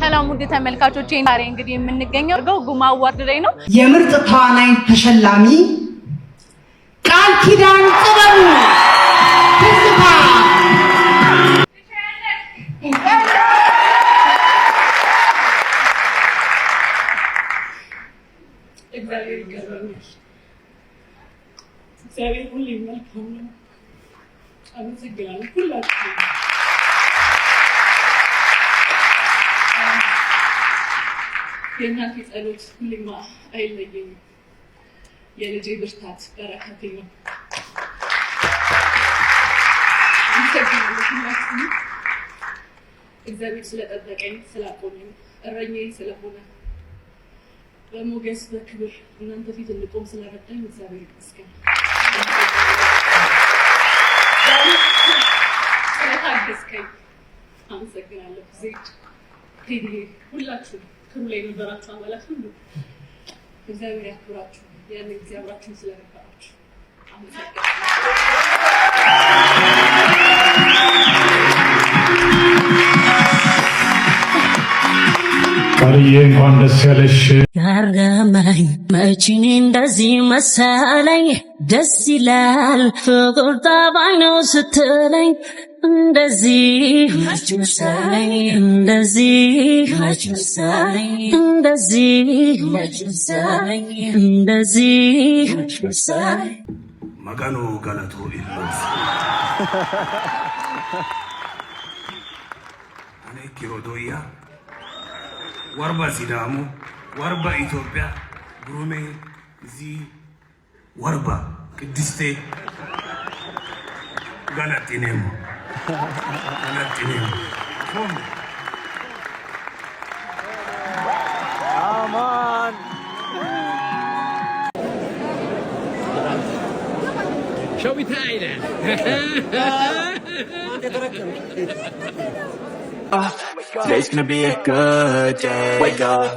ሰላም ውድ ተመልካቾቼ፣ ዛሬ እንግዲህ የምንገኘው ገው ጉማ አዋርድ ላይ ነው። የምርጥ ተዋናይ ተሸላሚ ቃል ኪዳን ጥበቡ እግዚአብሔር ሁሌ መልካም ነው። አመሰግናለሁ ሁላችሁ የእናቴ ጸሎት ሁሌማ አይለየኝም። የልጄ ብርታት በረከቴ ነው። እግዚአብሔር ስለጠበቀኝ ስላቆመኝ፣ እረኛዬ ስለሆነ በሞገስ በክብር እናንተ ፊት እንቆም ስለረዳኝ እግዚአብሔር ይመስገን። ስለታገዝከኝ አመሰግናለሁ። ዜድ ቴዲሄ ሁላችሁ ክሩ ላይ ነበራችሁ አባላት ሁሉ እግዚአብሔር ያክብራችሁ። ያን ጊዜ አብራችሁን ስለነበራችሁ አመሰግናለሁ። ቃልዬ እንኳን ደስ ያለሽ። ያረመኝ መችን እንደዚህ መሰለኝ። ደስ ይላል ፍቅር ጠባይ ነው ስትለኝ እንደዚህ መችሰለኝ እንደዚህ መቀኑ ገለቱ ኪሮዶያ ወርበ ሲዳሙ ወርበ ኢትዮጵያ ጉሩሜ እዚ ወርበ ቅድስቴ ገለጢኔሙ ገለጢኔሙ ሸዊታ አይነ up. Today's gonna be a good day. Wake up.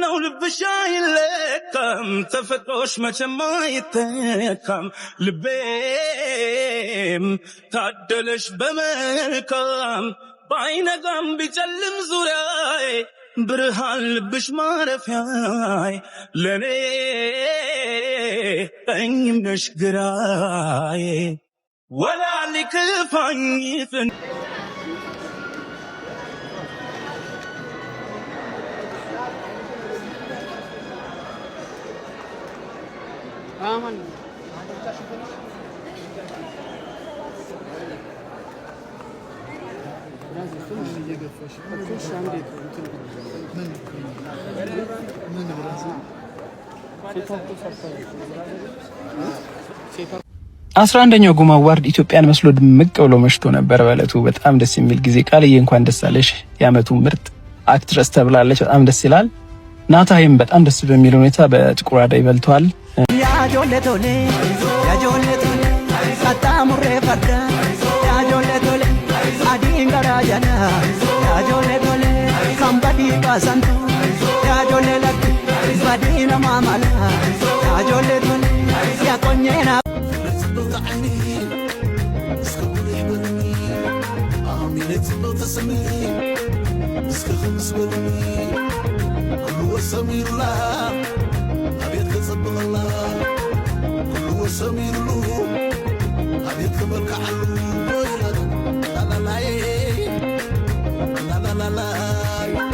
نولف بشاي لكم تفتوش ما شمايتكم لبيم تعدلش بملكم بعين غم بجلم زراي ብርሃን ልብሽ ማረፊያይ ለኔ ቀኝም ነሽ ግራዬ ወላ ሊክፋኝ ፍን አሁን አስራ አንደኛው ጉማ አዋርድ ኢትዮጵያን መስሎ ድምቅ ብሎ መሽቶ ነበር። በእለቱ በጣም ደስ የሚል ጊዜ ቃልዬ እንኳን ደስ አለሽ የዓመቱ ምርጥ አክትረስ ተብላለች። በጣም ደስ ይላል። ናታይም በጣም ደስ በሚል ሁኔታ በጥቁር አዳይ በልቷል። Ijoollee golee kan badii baasantu ijoollee lakki badii namaa mala ijoollee golee yaa qonyee naa. هو سمير الله أبيت كسبق الله كل هو سمير له أبيت كبرك علوه mahal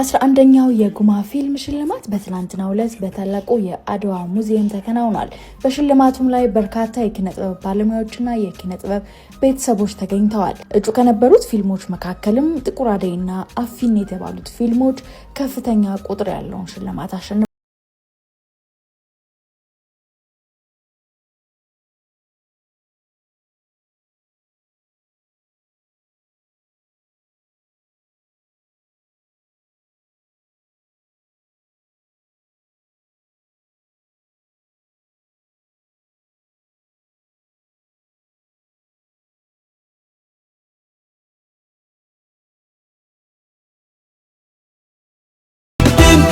አስራ አንደኛው የጉማ ፊልም ሽልማት በትናንትናው ዕለት በታላቁ የአድዋ ሙዚየም ተከናውኗል። በሽልማቱም ላይ በርካታ የኪነ ጥበብ ባለሙያዎችና የኪነ ጥበብ ቤተሰቦች ተገኝተዋል። እጩ ከነበሩት ፊልሞች መካከልም ጥቁር አደይና አፊን የተባሉት ፊልሞች ከፍተኛ ቁጥር ያለውን ሽልማት አሸነ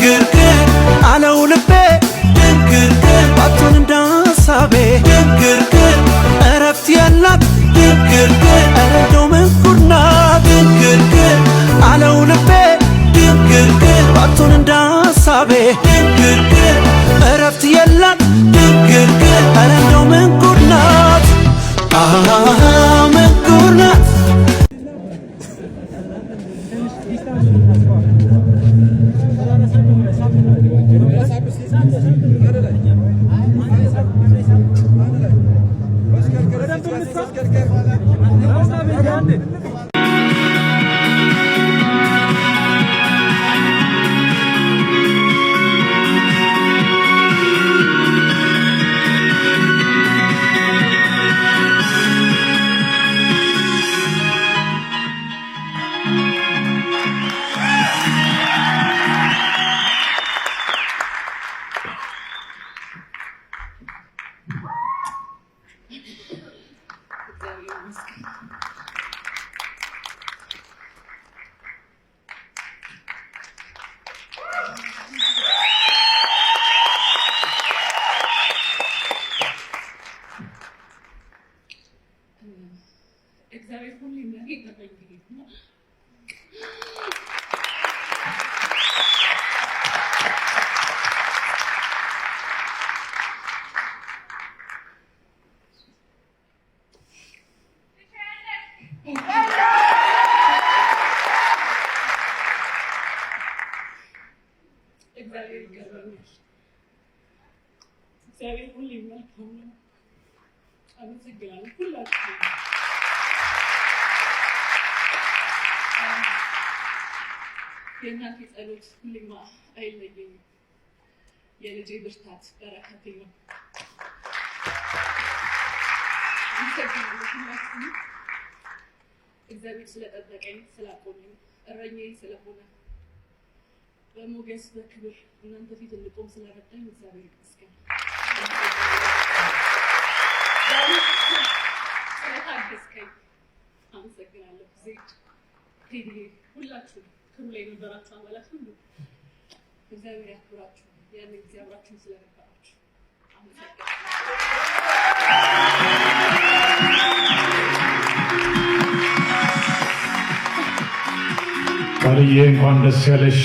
ድንግርግር አለው ልቤ ድንግርግር ባትሆን እንደ ሀሳቤ ድንግርግር እረፍት ያላት ድንግርግር እረዳው ምንኩርና ድንግርግር አለው ልቤ ድንግርግር ባትሆን እንደ ሀሳቤ ድንግርግር እረፍት የላት ድንግርግር እረዳው ምንኩርናት ምንኩርናት ¿Qué, qué, el que... እግዚአብሔር ይገዛልሽ። እግዚአብሔር ሁሌም መልካም ነው። አመሰግናለሁ ሁላችሁ። የእናቴ ጸሎት ሁሌማ አይለየኝም። የልጄ ብርታት በረከቴ ነው። እግዚአብሔር ስለጠበቀኝ ስላቆመኝ እረኛዬ ስለሆነ በሞገስ በክብር እናንተ ፊት እንቆም ስለረዳኝ እግዚአብሔር ይመስገን። ስለታገስከኝ አመሰግናለሁ። ዜድ ቴዲ፣ ሁላችሁም ክሩ ላይ ነበራችሁ አባላት ሁሉ እግዚአብሔር ያክብራችሁ። ያንን ጊዜ አብራችሁን ስለነበራችሁ ቃልዬ እንኳን ደስ ያለሽ።